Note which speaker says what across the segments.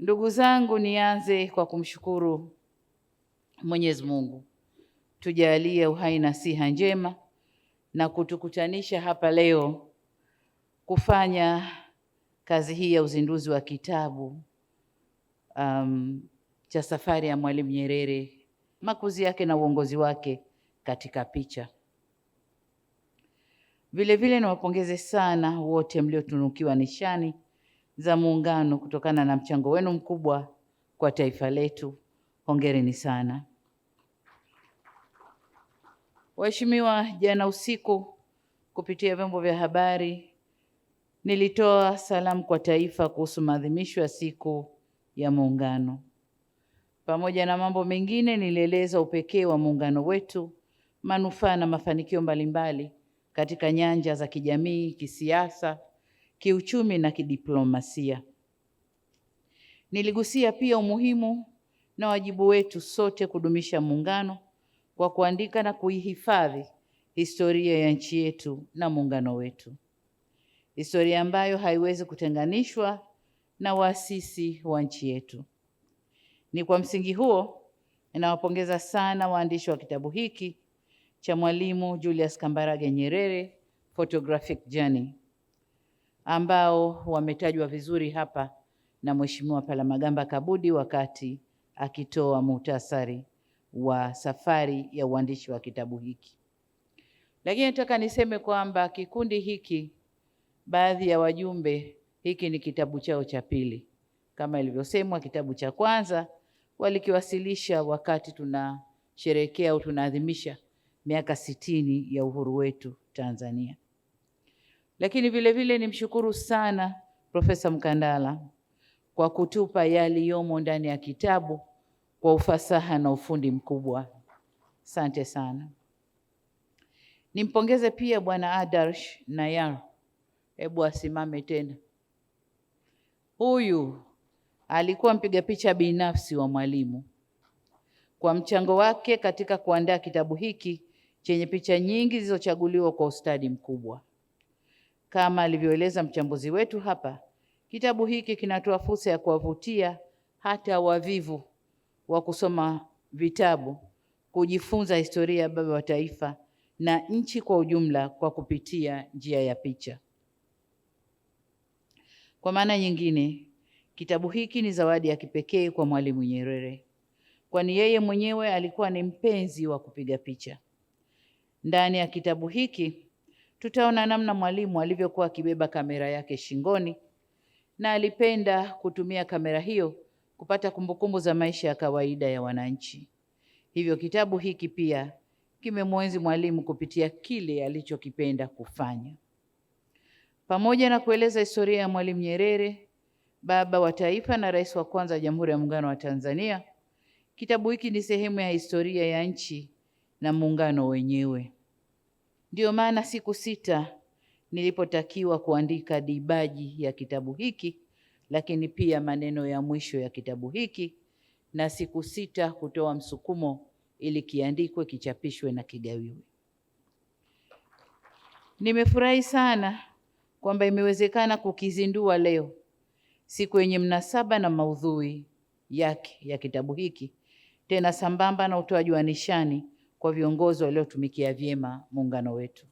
Speaker 1: Ndugu zangu, nianze kwa kumshukuru Mwenyezi Mungu tujalie uhai na siha njema na kutukutanisha hapa leo kufanya kazi hii ya uzinduzi wa kitabu um, cha safari ya Mwalimu Nyerere, makuzi yake na uongozi wake katika picha. Vilevile niwapongeze sana wote mliotunukiwa nishani za Muungano kutokana na mchango wenu mkubwa kwa taifa letu. Hongereni sana. Waheshimiwa, jana usiku kupitia vyombo vya habari nilitoa salamu kwa taifa kuhusu maadhimisho ya siku ya Muungano. Pamoja na mambo mengine, nilieleza upekee wa muungano wetu, manufaa na mafanikio mbalimbali katika nyanja za kijamii, kisiasa kiuchumi na kidiplomasia. Niligusia pia umuhimu na wajibu wetu sote kudumisha muungano kwa kuandika na kuihifadhi historia ya nchi yetu na muungano wetu, historia ambayo haiwezi kutenganishwa na waasisi wa nchi yetu. Ni kwa msingi huo ninawapongeza sana waandishi wa kitabu hiki cha Mwalimu Julius Kambarage Nyerere Photographic Journey ambao wametajwa vizuri hapa na Mheshimiwa Palamagamba Kabudi wakati akitoa muhtasari wa safari ya uandishi wa kitabu hiki. Lakini nataka niseme kwamba kikundi hiki, baadhi ya wajumbe, hiki ni kitabu chao cha pili. Kama ilivyosemwa, kitabu cha kwanza walikiwasilisha wakati tunasherehekea au tunaadhimisha miaka sitini ya uhuru wetu Tanzania. Lakini vile vile nimshukuru sana Profesa Mkandala kwa kutupa yaliyomo ndani ya kitabu kwa ufasaha na ufundi mkubwa. Asante sana. Nimpongeze pia Bwana Adarsh Nayar, hebu asimame tena. Huyu alikuwa mpiga picha binafsi wa mwalimu kwa mchango wake katika kuandaa kitabu hiki chenye picha nyingi zilizochaguliwa kwa ustadi mkubwa. Kama alivyoeleza mchambuzi wetu hapa, kitabu hiki kinatoa fursa ya kuwavutia hata wavivu wa kusoma vitabu kujifunza historia ya baba wa taifa na nchi kwa ujumla kwa kupitia njia ya picha. Kwa maana nyingine, kitabu hiki ni zawadi ya kipekee kwa Mwalimu Nyerere, kwani yeye mwenyewe alikuwa ni mpenzi wa kupiga picha. Ndani ya kitabu hiki Tutaona namna mwalimu alivyokuwa akibeba kamera yake shingoni na alipenda kutumia kamera hiyo kupata kumbukumbu za maisha ya kawaida ya wananchi. Hivyo kitabu hiki pia kimemwenzi mwalimu kupitia kile alichokipenda kufanya. Pamoja na kueleza historia ya Mwalimu Nyerere, baba wa taifa na rais wa kwanza wa Jamhuri ya Muungano wa Tanzania, kitabu hiki ni sehemu ya historia ya nchi na muungano wenyewe. Ndiyo maana siku sita nilipotakiwa kuandika dibaji ya kitabu hiki, lakini pia maneno ya mwisho ya kitabu hiki, na siku sita kutoa msukumo ili kiandikwe, kichapishwe na kigawiwe. Nimefurahi sana kwamba imewezekana kukizindua leo, siku yenye mnasaba na maudhui yake ya kitabu hiki, tena sambamba na utoaji wa nishani kwa viongozi waliotumikia vyema muungano wetu.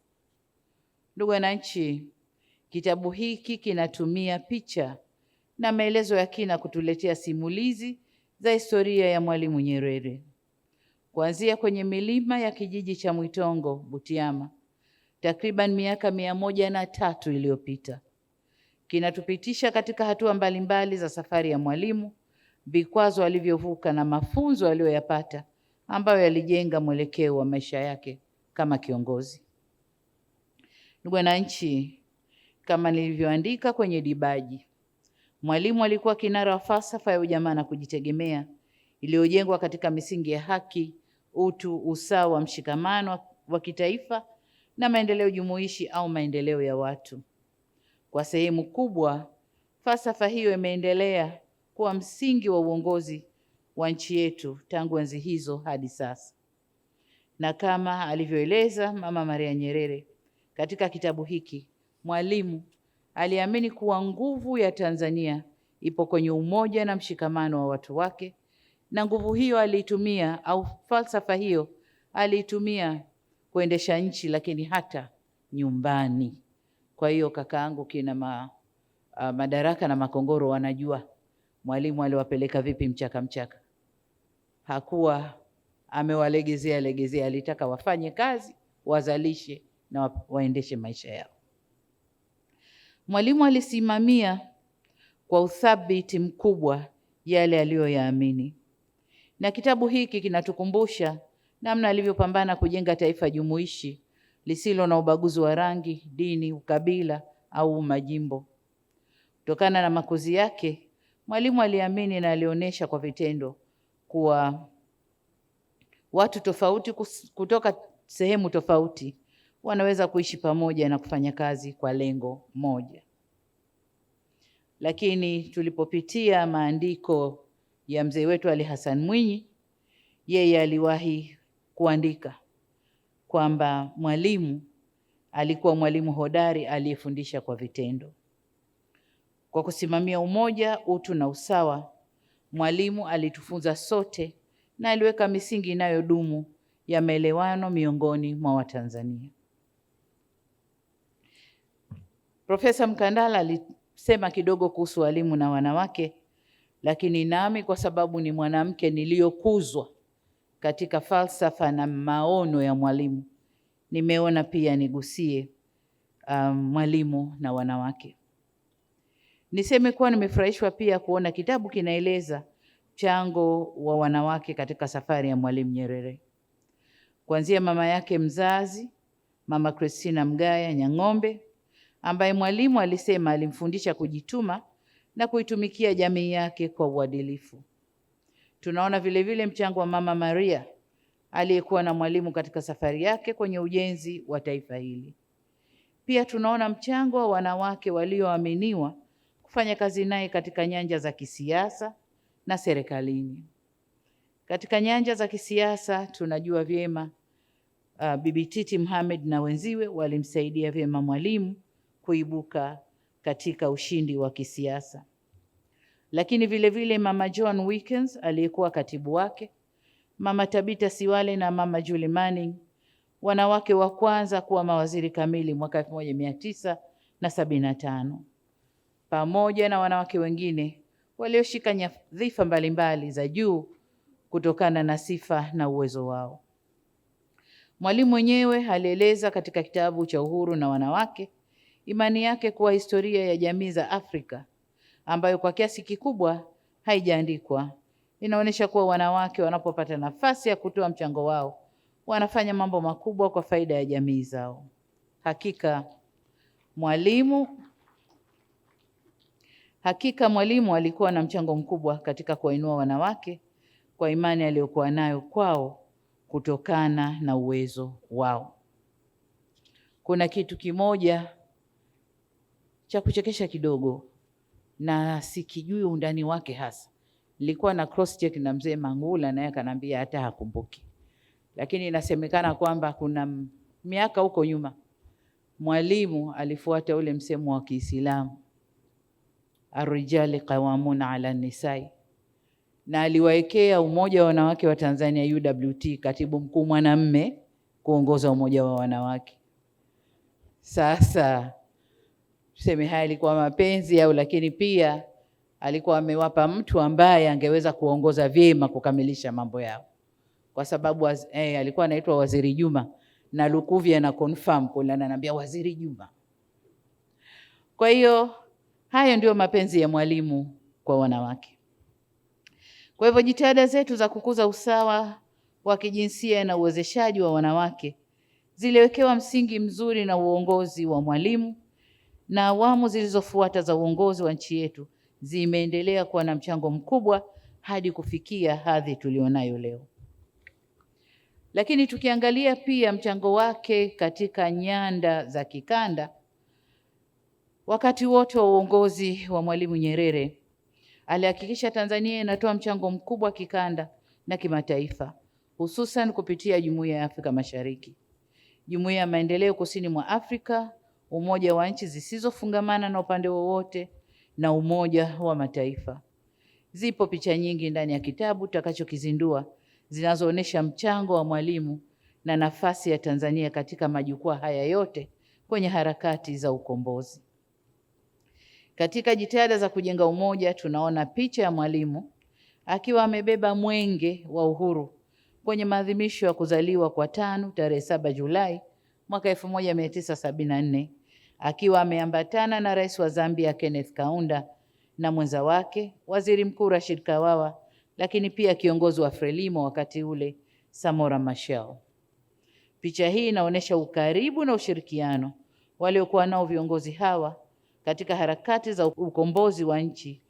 Speaker 1: Ndugu wananchi, kitabu hiki kinatumia picha na maelezo ya kina kutuletea simulizi za historia ya Mwalimu Nyerere kuanzia kwenye milima ya kijiji cha Mwitongo, Butiama, takriban miaka mia moja na tatu iliyopita. Kinatupitisha katika hatua mbalimbali za safari ya Mwalimu, vikwazo alivyovuka na mafunzo aliyoyapata ambayo yalijenga mwelekeo wa maisha yake kama kiongozi. Ndugu wananchi, kama nilivyoandika kwenye dibaji, Mwalimu alikuwa kinara wa falsafa ya ujamaa na kujitegemea iliyojengwa katika misingi ya haki, utu, usawa, mshikamano wa kitaifa na maendeleo jumuishi au maendeleo ya watu. Kwa sehemu kubwa, falsafa hiyo imeendelea kuwa msingi wa uongozi wa nchi yetu tangu enzi hizo hadi sasa, na kama alivyoeleza Mama Maria Nyerere katika kitabu hiki, Mwalimu aliamini kuwa nguvu ya Tanzania ipo kwenye umoja na mshikamano wa watu wake, na nguvu hiyo aliitumia au falsafa hiyo aliitumia kuendesha nchi, lakini hata nyumbani. Kwa hiyo kakaangu kina ma, uh, Madaraka na Makongoro wanajua Mwalimu aliwapeleka vipi mchaka mchaka hakuwa amewalegezea legezea, alitaka wafanye kazi, wazalishe na waendeshe maisha yao. Mwalimu alisimamia kwa uthabiti mkubwa yale aliyoyaamini, na kitabu hiki kinatukumbusha namna alivyopambana kujenga taifa jumuishi lisilo na ubaguzi wa rangi, dini, ukabila au majimbo. Kutokana na makuzi yake, Mwalimu aliamini na alionyesha kwa vitendo kuwa watu tofauti kutoka sehemu tofauti wanaweza kuishi pamoja na kufanya kazi kwa lengo moja. Lakini tulipopitia maandiko ya mzee wetu Ali Hassan Mwinyi, yeye aliwahi kuandika kwamba mwalimu alikuwa mwalimu hodari aliyefundisha kwa vitendo, kwa kusimamia umoja, utu na usawa Mwalimu alitufunza sote na aliweka misingi inayodumu ya maelewano miongoni mwa Watanzania. Profesa Mkandala alisema kidogo kuhusu walimu na wanawake, lakini nami kwa sababu ni mwanamke niliyokuzwa katika falsafa na maono ya Mwalimu, nimeona pia nigusie um, Mwalimu na wanawake. Niseme kuwa nimefurahishwa pia kuona kitabu kinaeleza mchango wa wanawake katika safari ya Mwalimu Nyerere, kuanzia mama yake mzazi, Mama Christina Mgaya Nyang'ombe, ambaye Mwalimu alisema alimfundisha kujituma na kuitumikia jamii yake kwa uadilifu. Tunaona vilevile vile mchango wa Mama Maria aliyekuwa na Mwalimu katika safari yake kwenye ujenzi wa taifa hili. Pia tunaona mchango wa wanawake walioaminiwa kufanya kazi naye katika nyanja za kisiasa na serikalini. Katika nyanja za kisiasa tunajua vyema uh, Bibi Titi Mohamed na wenziwe walimsaidia vyema Mwalimu kuibuka katika ushindi wa kisiasa, lakini vile vile Mama John Wilkins aliyekuwa katibu wake, Mama Tabita Siwale na Mama Julie Manning, wanawake wa kwanza kuwa mawaziri kamili mwaka 1975 pamoja na wanawake wengine walioshika nyadhifa mbalimbali za juu kutokana na sifa na uwezo wao. Mwalimu mwenyewe alieleza katika kitabu cha Uhuru na Wanawake imani yake kuwa historia ya jamii za Afrika ambayo kwa kiasi kikubwa haijaandikwa inaonyesha kuwa wanawake wanapopata nafasi ya kutoa mchango wao wanafanya mambo makubwa kwa faida ya jamii zao. Hakika mwalimu Hakika Mwalimu alikuwa na mchango mkubwa katika kuwainua wanawake kwa imani aliyokuwa nayo kwao kutokana na uwezo wao. Kuna kitu kimoja cha kuchekesha kidogo, na sikijui undani wake hasa. Nilikuwa na cross check na mzee Mangula, naye akanambia hata hakumbuki, lakini inasemekana kwamba kuna miaka huko nyuma Mwalimu alifuata ule msemo wa Kiislamu arrijali qawamuna ala nisai, na aliwaekea umoja wa wanawake wa Tanzania UWT katibu mkuu mwanamme kuongoza umoja wa wanawake. Sasa tuseme haya alikuwa mapenzi au, lakini pia alikuwa amewapa mtu ambaye angeweza kuongoza vyema kukamilisha mambo yao, kwa sababu eh, alikuwa anaitwa Waziri Juma na Lukuvi ana confirm kule, ananiambia Waziri Juma, kwa hiyo Hayo ndiyo mapenzi ya mwalimu kwa wanawake. Kwa hivyo jitihada zetu za kukuza usawa wa kijinsia na uwezeshaji wa wanawake ziliwekewa msingi mzuri na uongozi wa mwalimu, na awamu zilizofuata za uongozi wa nchi yetu zimeendelea kuwa na mchango mkubwa hadi kufikia hadhi tulionayo leo. Lakini tukiangalia pia mchango wake katika nyanda za kikanda Wakati wote wa uongozi wa Mwalimu Nyerere alihakikisha Tanzania inatoa mchango mkubwa kikanda na kimataifa, hususan kupitia Jumuiya ya Afrika Mashariki, Jumuiya ya Maendeleo Kusini mwa Afrika, Umoja wa Nchi Zisizofungamana na upande wowote na Umoja wa Mataifa. Zipo picha nyingi ndani ya kitabu tutakachokizindua zinazoonyesha mchango wa Mwalimu na nafasi ya Tanzania katika majukwaa haya yote kwenye harakati za ukombozi. Katika jitihada za kujenga umoja, tunaona picha ya Mwalimu akiwa amebeba mwenge wa uhuru kwenye maadhimisho ya kuzaliwa kwa TANU tarehe 7 Julai mwaka 1974 akiwa ameambatana na Rais wa Zambia Kenneth Kaunda na mwenza wake Waziri Mkuu Rashid Kawawa, lakini pia kiongozi wa Frelimo wakati ule Samora Machel. Picha hii inaonyesha ukaribu na ushirikiano waliokuwa nao viongozi hawa katika harakati za ukombozi wa nchi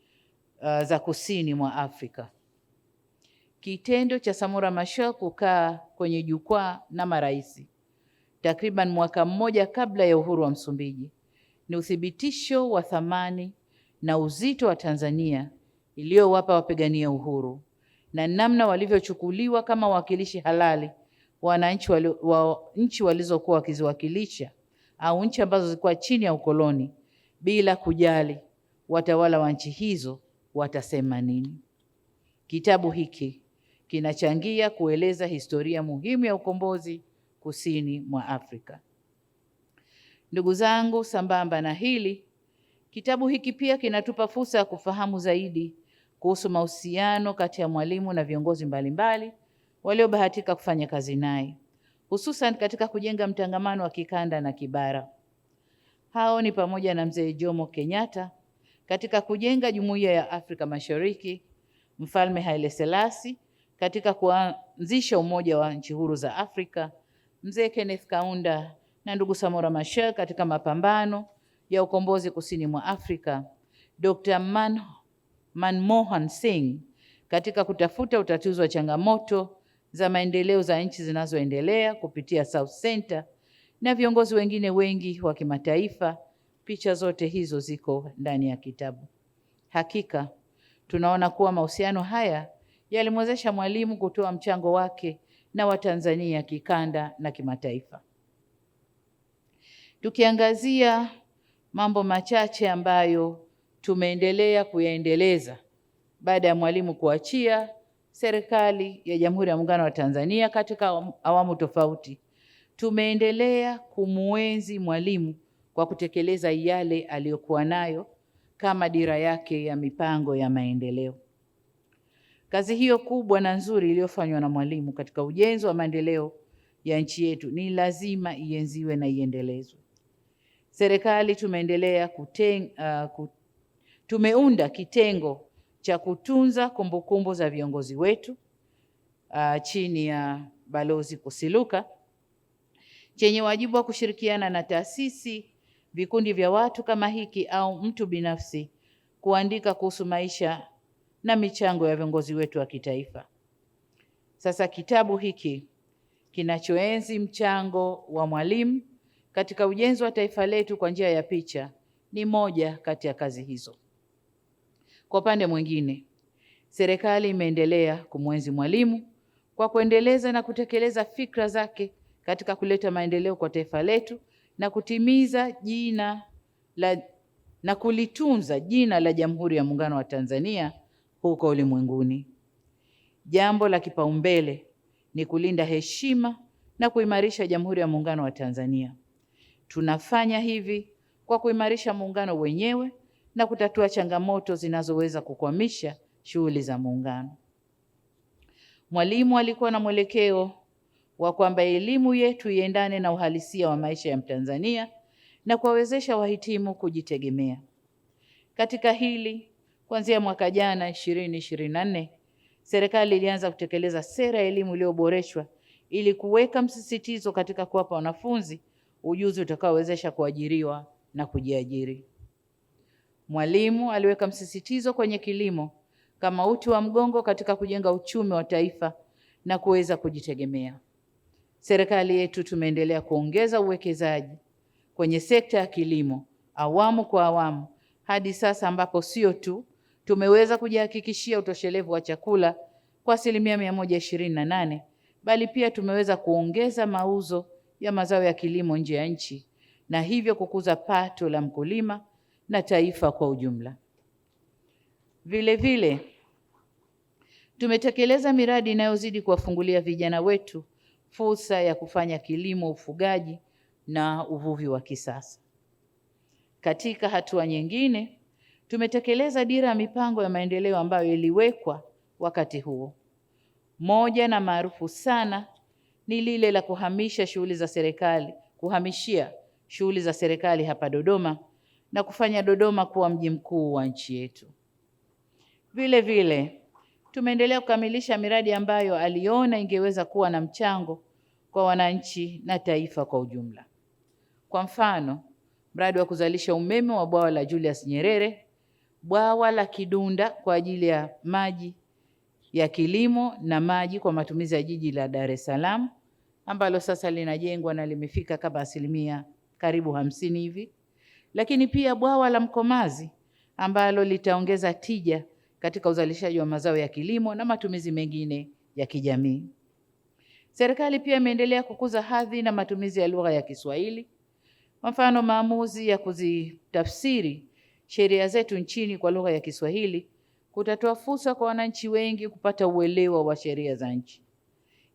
Speaker 1: uh, za kusini mwa Afrika. Kitendo cha Samora Machel kukaa kwenye jukwaa na marais takriban mwaka mmoja kabla ya uhuru wa Msumbiji ni uthibitisho wa thamani na uzito wa Tanzania iliyowapa wapigania uhuru na namna walivyochukuliwa kama wawakilishi halali wananchi wa nchi walizokuwa wakiziwakilisha au nchi ambazo zilikuwa chini ya ukoloni bila kujali watawala wa nchi hizo watasema nini. Kitabu hiki kinachangia kueleza historia muhimu ya ukombozi kusini mwa Afrika. Ndugu zangu, sambamba na hili, kitabu hiki pia kinatupa fursa ya kufahamu zaidi kuhusu mahusiano kati ya mwalimu na viongozi mbalimbali waliobahatika kufanya kazi naye, hususan katika kujenga mtangamano wa kikanda na kibara. Hao ni pamoja na Mzee Jomo Kenyatta katika kujenga Jumuiya ya Afrika Mashariki, Mfalme Haile Selassie katika kuanzisha Umoja wa Nchi Huru za Afrika, Mzee Kenneth Kaunda na ndugu Samora Machel katika mapambano ya ukombozi kusini mwa Afrika, Dr. Man, Manmohan Singh katika kutafuta utatuzi wa changamoto za maendeleo za nchi zinazoendelea kupitia South Center na viongozi wengine wengi wa kimataifa. Picha zote hizo ziko ndani ya kitabu. Hakika tunaona kuwa mahusiano haya yalimwezesha Mwalimu kutoa mchango wake na Watanzania kikanda na kimataifa. Tukiangazia mambo machache ambayo tumeendelea kuyaendeleza baada ya Mwalimu kuachia serikali ya Jamhuri ya Muungano wa Tanzania katika awamu tofauti Tumeendelea kumuenzi Mwalimu kwa kutekeleza yale aliyokuwa nayo kama dira yake ya mipango ya maendeleo. Kazi hiyo kubwa na nzuri iliyofanywa na Mwalimu katika ujenzi wa maendeleo ya nchi yetu ni lazima ienziwe na iendelezwe. Serikali tumeendelea kuten, uh, kut, tumeunda kitengo cha kutunza kumbukumbu za viongozi wetu uh, chini ya Balozi Kusiluka chenye wajibu wa kushirikiana na taasisi, vikundi vya watu kama hiki au mtu binafsi kuandika kuhusu maisha na michango ya viongozi wetu wa kitaifa. Sasa kitabu hiki kinachoenzi mchango wa mwalimu katika ujenzi wa taifa letu kwa njia ya picha ni moja kati ya kazi hizo. Kwa upande mwingine, serikali imeendelea kumwenzi mwalimu kwa kuendeleza na kutekeleza fikra zake katika kuleta maendeleo kwa taifa letu na kutimiza jina la na kulitunza jina la Jamhuri ya Muungano wa Tanzania huko ulimwenguni. Jambo la kipaumbele ni kulinda heshima na kuimarisha Jamhuri ya Muungano wa Tanzania. Tunafanya hivi kwa kuimarisha muungano wenyewe na kutatua changamoto zinazoweza kukwamisha shughuli za muungano. Mwalimu alikuwa na mwelekeo wa kwamba elimu yetu iendane na uhalisia wa maisha ya Mtanzania na kuwawezesha wahitimu kujitegemea. Katika hili, kuanzia mwaka jana 2024 serikali ilianza kutekeleza sera ya elimu iliyoboreshwa ili kuweka msisitizo katika kuwapa wanafunzi ujuzi utakaowezesha kuajiriwa na kujiajiri. Mwalimu aliweka msisitizo kwenye kilimo kama uti wa mgongo katika kujenga uchumi wa taifa na kuweza kujitegemea serikali yetu tumeendelea kuongeza uwekezaji kwenye sekta ya kilimo awamu kwa awamu hadi sasa ambapo sio tu tumeweza kujihakikishia utoshelevu wa chakula kwa asilimia mia moja ishirini na nane bali pia tumeweza kuongeza mauzo ya mazao ya kilimo nje ya nchi na hivyo kukuza pato la mkulima na taifa kwa ujumla. Vile vile tumetekeleza miradi inayozidi kuwafungulia vijana wetu fursa ya kufanya kilimo, ufugaji na uvuvi wa kisasa. Katika hatua nyingine, tumetekeleza dira ya mipango ya maendeleo ambayo iliwekwa wakati huo. Moja na maarufu sana ni lile la kuhamisha shughuli za serikali, kuhamishia shughuli za serikali hapa Dodoma na kufanya Dodoma kuwa mji mkuu wa nchi yetu. Vile vile tumeendelea kukamilisha miradi ambayo aliona ingeweza kuwa na mchango kwa wananchi na taifa kwa ujumla. Kwa mfano, mradi wa kuzalisha umeme wa bwawa la Julius Nyerere, bwawa la Kidunda kwa ajili ya maji ya kilimo na maji kwa matumizi ya jiji la Dar es Salaam ambalo sasa linajengwa na limefika kama asilimia karibu hamsini hivi, lakini pia bwawa la Mkomazi ambalo litaongeza tija katika uzalishaji wa mazao ya kilimo na matumizi mengine ya kijamii. Serikali pia imeendelea kukuza hadhi na matumizi ya lugha ya Kiswahili. Kwa mfano, maamuzi ya kuzitafsiri sheria zetu nchini kwa lugha ya Kiswahili kutatoa fursa kwa wananchi wengi kupata uelewa wa sheria za nchi.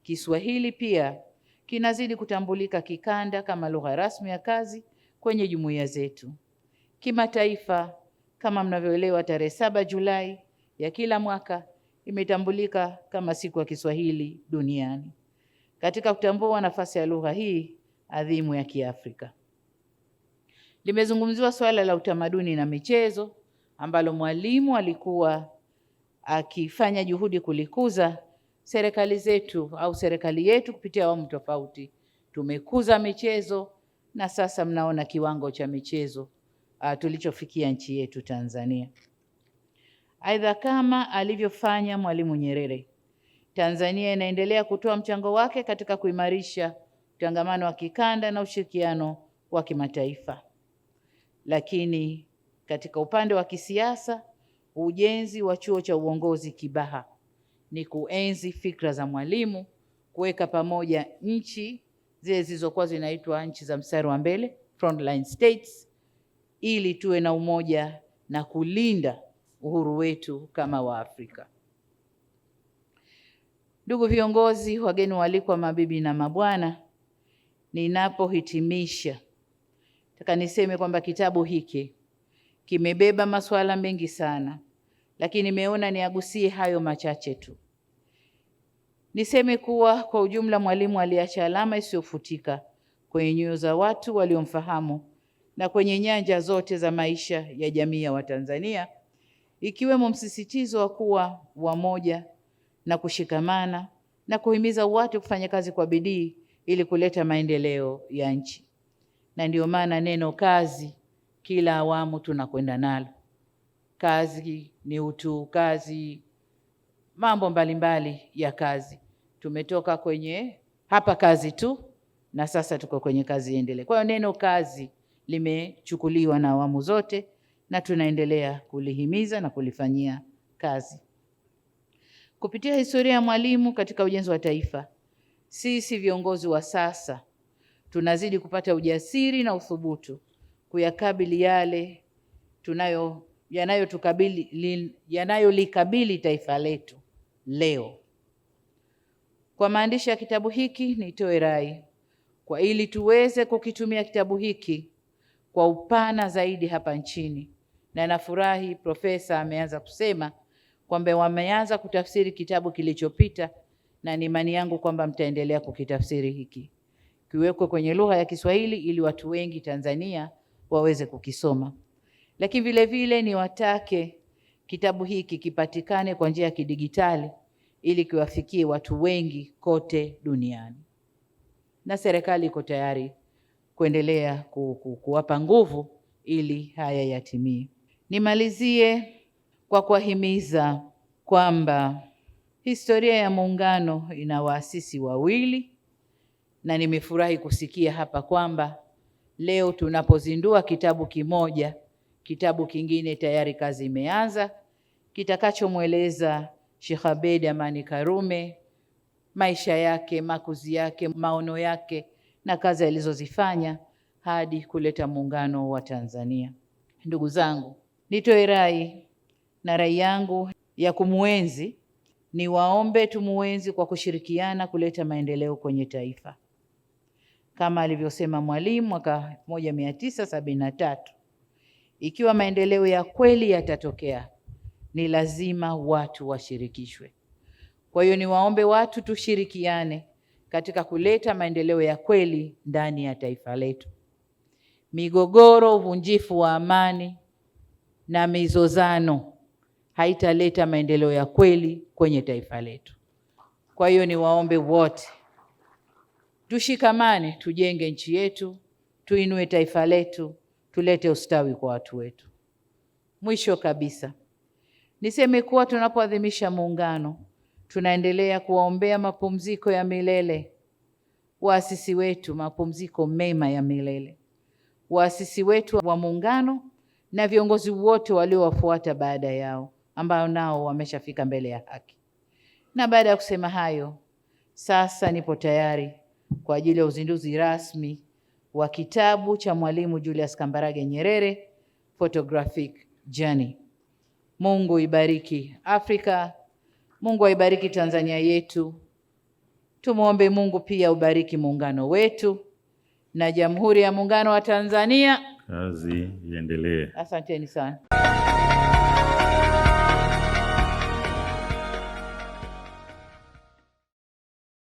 Speaker 1: Kiswahili pia kinazidi kutambulika kikanda kama lugha rasmi ya kazi kwenye jumuiya zetu. Kimataifa, kama mnavyoelewa, tarehe saba Julai ya kila mwaka imetambulika kama siku ya Kiswahili duniani katika kutambua nafasi ya lugha hii adhimu ya Kiafrika. Limezungumziwa suala la utamaduni na michezo ambalo mwalimu alikuwa akifanya juhudi kulikuza. Serikali zetu au serikali yetu kupitia awamu tofauti tumekuza michezo na sasa mnaona kiwango cha michezo uh, tulichofikia nchi yetu Tanzania. Aidha, kama alivyofanya Mwalimu Nyerere, Tanzania inaendelea kutoa mchango wake katika kuimarisha utangamano wa kikanda na ushirikiano wa kimataifa. Lakini katika upande wa kisiasa, ujenzi wa chuo cha uongozi Kibaha ni kuenzi fikra za Mwalimu, kuweka pamoja nchi zile zilizokuwa zinaitwa nchi za mstari wa mbele, frontline states, ili tuwe na umoja na kulinda uhuru wetu kama Waafrika. Ndugu viongozi, wageni waalikwa, mabibi na mabwana, ninapohitimisha, nataka niseme kwamba kitabu hiki kimebeba masuala mengi sana, lakini nimeona niagusie hayo machache tu. Niseme kuwa kwa ujumla, Mwalimu aliacha alama isiyofutika kwenye nyoyo za watu waliomfahamu na kwenye nyanja zote za maisha ya jamii ya Watanzania ikiwemo msisitizo wa kuwa wamoja na kushikamana na kuhimiza watu kufanya kazi kwa bidii ili kuleta maendeleo ya nchi. Na ndio maana neno kazi kila awamu tunakwenda nalo. Kazi ni utu, kazi mambo mbalimbali mbali ya kazi. Tumetoka kwenye hapa kazi tu na sasa tuko kwenye kazi endelee. Kwa hiyo neno kazi limechukuliwa na awamu zote na tunaendelea kulihimiza na kulifanyia kazi. Kupitia historia ya mwalimu katika ujenzi wa taifa, sisi viongozi wa sasa tunazidi kupata ujasiri na uthubutu kuyakabili yale tunayo yanayotukabili yanayolikabili taifa letu leo. Kwa maandishi ya kitabu hiki, nitoe rai kwa ili tuweze kukitumia kitabu hiki kwa upana zaidi hapa nchini na nafurahi profesa ameanza kusema kwamba wameanza kutafsiri kitabu kilichopita, na ni imani yangu kwamba mtaendelea kukitafsiri hiki kiwekwe kwenye lugha ya Kiswahili ili watu wengi Tanzania waweze kukisoma. Lakini vile vile niwatake kitabu hiki kipatikane kwa njia ya kidigitali ili kiwafikie watu wengi kote duniani, na serikali iko tayari kuendelea ku, ku, kuwapa nguvu ili haya yatimie. Nimalizie kwa kuwahimiza kwamba historia ya Muungano ina waasisi wawili, na nimefurahi kusikia hapa kwamba leo tunapozindua kitabu kimoja, kitabu kingine tayari kazi imeanza, kitakachomweleza Sheikh Abeid Amani Karume maisha yake, makuzi yake, maono yake na kazi alizozifanya hadi kuleta muungano wa Tanzania. Ndugu zangu, Nitoe rai na rai yangu ya kumwenzi, niwaombe tumuenzi kwa kushirikiana kuleta maendeleo kwenye taifa kama alivyosema Mwalimu mwaka 1973, ikiwa maendeleo ya kweli yatatokea ni lazima watu washirikishwe. Kwa hiyo niwaombe watu tushirikiane katika kuleta maendeleo ya kweli ndani ya taifa letu. Migogoro, uvunjifu wa amani na mizozano haitaleta maendeleo ya kweli kwenye taifa letu. Kwa hiyo niwaombe wote tushikamane, tujenge nchi yetu, tuinue taifa letu, tulete ustawi kwa watu wetu. Mwisho kabisa, niseme kuwa tunapoadhimisha Muungano, tunaendelea kuwaombea mapumziko ya milele waasisi wetu, mapumziko mema ya milele waasisi wetu wa Muungano na viongozi wote waliowafuata baada yao ambao nao wameshafika mbele ya haki. Na baada ya kusema hayo, sasa nipo tayari kwa ajili ya uzinduzi rasmi wa kitabu cha Mwalimu Julius Kambarage Nyerere Photographic Journey. Mungu ibariki Afrika. Mungu aibariki Tanzania yetu. Tumwombe Mungu pia ubariki muungano wetu na Jamhuri ya Muungano wa Tanzania.
Speaker 2: Kazi iendelee.
Speaker 1: Asanteni sana.